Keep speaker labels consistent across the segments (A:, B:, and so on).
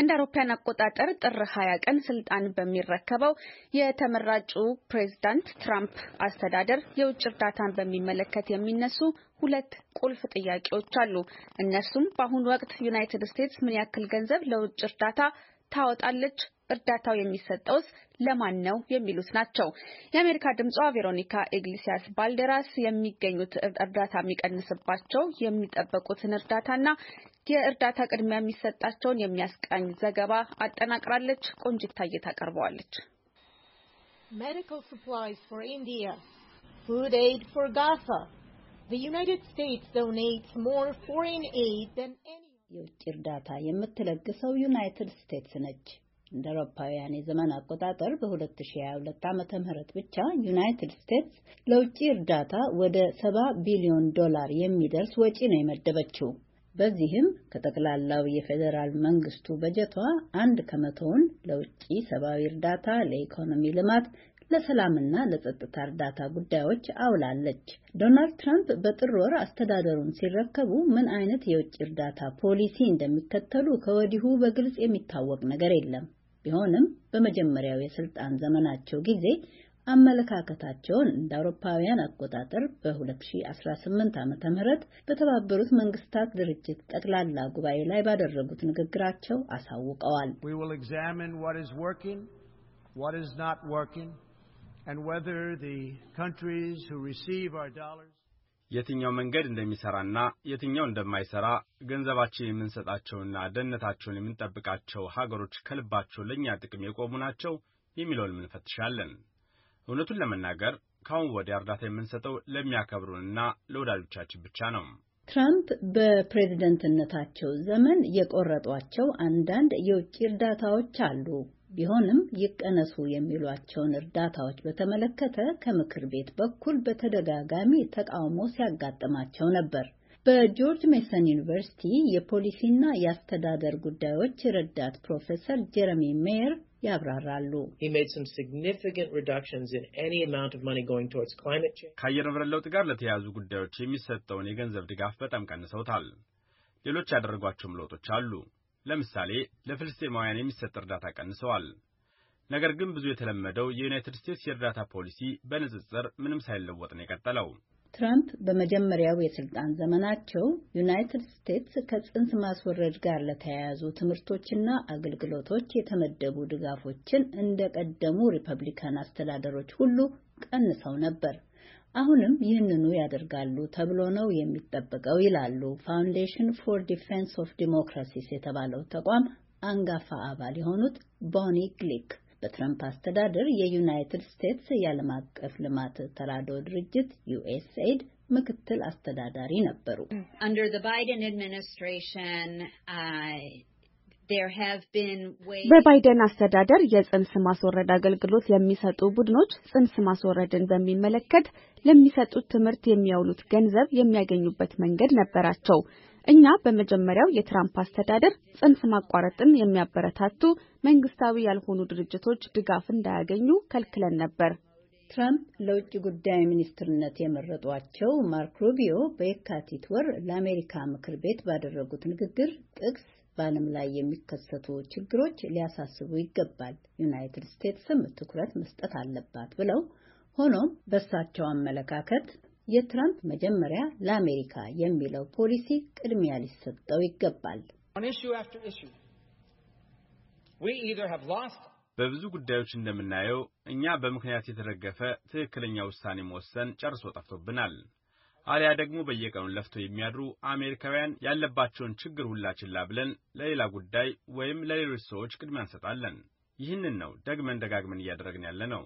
A: እንደ አውሮፓያን አቆጣጠር ጥር 20 ቀን ስልጣን በሚረከበው የተመራጩ ፕሬዝዳንት ትራምፕ አስተዳደር የውጭ እርዳታን በሚመለከት የሚነሱ ሁለት ቁልፍ ጥያቄዎች አሉ። እነሱም በአሁኑ ወቅት ዩናይትድ ስቴትስ ምን ያክል ገንዘብ ለውጭ እርዳታ ታወጣለች? እርዳታው የሚሰጠውስ ለማን ነው? የሚሉት ናቸው። የአሜሪካ ድምጿ ቬሮኒካ ኤግሊሲያስ ባልደራስ የሚገኙት እርዳታ የሚቀንስባቸው የሚጠበቁትን እርዳታና የእርዳታ ቅድሚያ የሚሰጣቸውን የሚያስቃኝ ዘገባ አጠናቅራለች። ቆንጅታ ታቀርበዋለች። Medical
B: supplies for India, food aid for Gaza. The United States donates more foreign aid than any የውጭ እርዳታ የምትለግሰው ዩናይትድ ስቴትስ ነች። እንደ አውሮፓውያን የዘመን አቆጣጠር በ2022 ዓ ም ብቻ ዩናይትድ ስቴትስ ለውጭ እርዳታ ወደ 70 ቢሊዮን ዶላር የሚደርስ ወጪ ነው የመደበችው። በዚህም ከጠቅላላው የፌዴራል መንግስቱ በጀቷ አንድ ከመቶውን ለውጭ ሰብአዊ እርዳታ፣ ለኢኮኖሚ ልማት፣ ለሰላምና ለጸጥታ እርዳታ ጉዳዮች አውላለች። ዶናልድ ትራምፕ በጥር ወር አስተዳደሩን ሲረከቡ ምን አይነት የውጭ እርዳታ ፖሊሲ እንደሚከተሉ ከወዲሁ በግልጽ የሚታወቅ ነገር የለም። ቢሆንም በመጀመሪያው የስልጣን ዘመናቸው ጊዜ አመለካከታቸውን እንደ አውሮፓውያን አቆጣጠር በ2018 ም በተባበሩት መንግስታት ድርጅት ጠቅላላ ጉባኤ ላይ ባደረጉት ንግግራቸው አሳውቀዋል።
C: የትኛው መንገድ እንደሚሠራና የትኛው እንደማይሠራ ገንዘባችን የምንሰጣቸውና ደህንነታቸውን የምንጠብቃቸው ሀገሮች ከልባቸው ለእኛ ጥቅም የቆሙ ናቸው የሚለውን እንፈትሻለን። እውነቱን ለመናገር ከአሁን ወዲያ እርዳታ የምንሰጠው ለሚያከብሩንና ለወዳጆቻችን ብቻ ነው።
B: ትራምፕ በፕሬዝደንትነታቸው ዘመን የቆረጧቸው አንዳንድ የውጭ እርዳታዎች አሉ። ቢሆንም ይቀነሱ የሚሏቸውን እርዳታዎች በተመለከተ ከምክር ቤት በኩል በተደጋጋሚ ተቃውሞ ሲያጋጥማቸው ነበር። በጆርጅ ሜሰን ዩኒቨርሲቲ የፖሊሲና የአስተዳደር ጉዳዮች ረዳት ፕሮፌሰር ጀረሚ ሜየር ያብራራሉ።
C: ከአየር ንብረት ለውጥ ጋር ለተያያዙ ጉዳዮች የሚሰጠውን የገንዘብ ድጋፍ በጣም ቀንሰውታል። ሌሎች ያደረጓቸውም ለውጦች አሉ። ለምሳሌ ለፍልስጤማውያን የሚሰጥ እርዳታ ቀንሰዋል። ነገር ግን ብዙ የተለመደው የዩናይትድ ስቴትስ የእርዳታ ፖሊሲ በንጽጽር ምንም ሳይለወጥ ነው የቀጠለው።
B: ትራምፕ በመጀመሪያው የስልጣን ዘመናቸው ዩናይትድ ስቴትስ ከጽንስ ማስወረድ ጋር ለተያያዙ ትምህርቶችና አገልግሎቶች የተመደቡ ድጋፎችን እንደቀደሙ ሪፐብሊካን አስተዳደሮች ሁሉ ቀንሰው ነበር። አሁንም ይህንኑ ያደርጋሉ ተብሎ ነው የሚጠበቀው ይላሉ ፋውንዴሽን ፎር ዲፌንስ ኦፍ ዲሞክራሲስ የተባለው ተቋም አንጋፋ አባል የሆኑት ቦኒ ግሊክ። በትረምፕ አስተዳደር የዩናይትድ ስቴትስ የዓለም አቀፍ ልማት ተራድኦ ድርጅት ዩኤስኤድ ምክትል አስተዳዳሪ ነበሩ። በባይደን
A: አስተዳደር የጽንስ ማስወረድ አገልግሎት የሚሰጡ ቡድኖች ጽንስ ማስወረድን በሚመለከት ለሚሰጡት ትምህርት የሚያውሉት ገንዘብ የሚያገኙበት መንገድ ነበራቸው። እኛ በመጀመሪያው የትራምፕ አስተዳደር ጽንስ ማቋረጥን
B: የሚያበረታቱ መንግስታዊ ያልሆኑ ድርጅቶች ድጋፍ እንዳያገኙ ከልክለን ነበር። ትራምፕ ለውጭ ጉዳይ ሚኒስትርነት የመረጧቸው ማርክ ሩቢዮ በየካቲት ወር ለአሜሪካ ምክር ቤት ባደረጉት ንግግር ጥቅስ በዓለም ላይ የሚከሰቱ ችግሮች ሊያሳስቡ ይገባል፣ ዩናይትድ ስቴትስም ትኩረት መስጠት አለባት ብለው ሆኖም በእሳቸው አመለካከት የትራምፕ መጀመሪያ ለአሜሪካ የሚለው ፖሊሲ ቅድሚያ ሊሰጠው ይገባል።
C: በብዙ ጉዳዮች እንደምናየው እኛ በምክንያት የተደገፈ ትክክለኛ ውሳኔ መወሰን ጨርሶ ጠፍቶብናል። አሊያ ደግሞ በየቀኑ ለፍተው የሚያድሩ አሜሪካውያን ያለባቸውን ችግር ሁላ ችላ ብለን ለሌላ ጉዳይ ወይም ለሌሎች ሰዎች ቅድሚያ እንሰጣለን። ይህንን ነው ደግመን ደጋግመን እያደረግን ያለ ነው።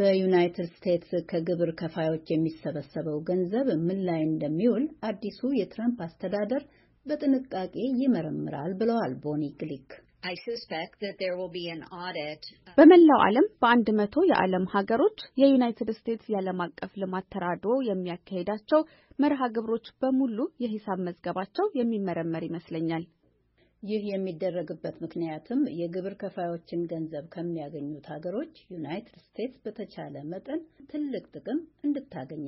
B: በዩናይትድ ስቴትስ ከግብር ከፋዮች የሚሰበሰበው ገንዘብ ምን ላይ እንደሚውል አዲሱ የትራምፕ አስተዳደር በጥንቃቄ ይመረምራል ብለዋል ቦኒ ግሊክ። Uh, በመላው ዓለም በአንድ መቶ የዓለም ሀገሮች
A: የዩናይትድ ስቴትስ የዓለም አቀፍ ልማት ተራድኦ የሚያካሄዳቸው መርሃ ግብሮች በሙሉ
B: የሂሳብ መዝገባቸው የሚመረመር ይመስለኛል። ይህ የሚደረግበት ምክንያትም የግብር ከፋዮችን ገንዘብ ከሚያገኙት ሀገሮች ዩናይትድ ስቴትስ በተቻለ መጠን ትልቅ ጥቅም እንድታገኝ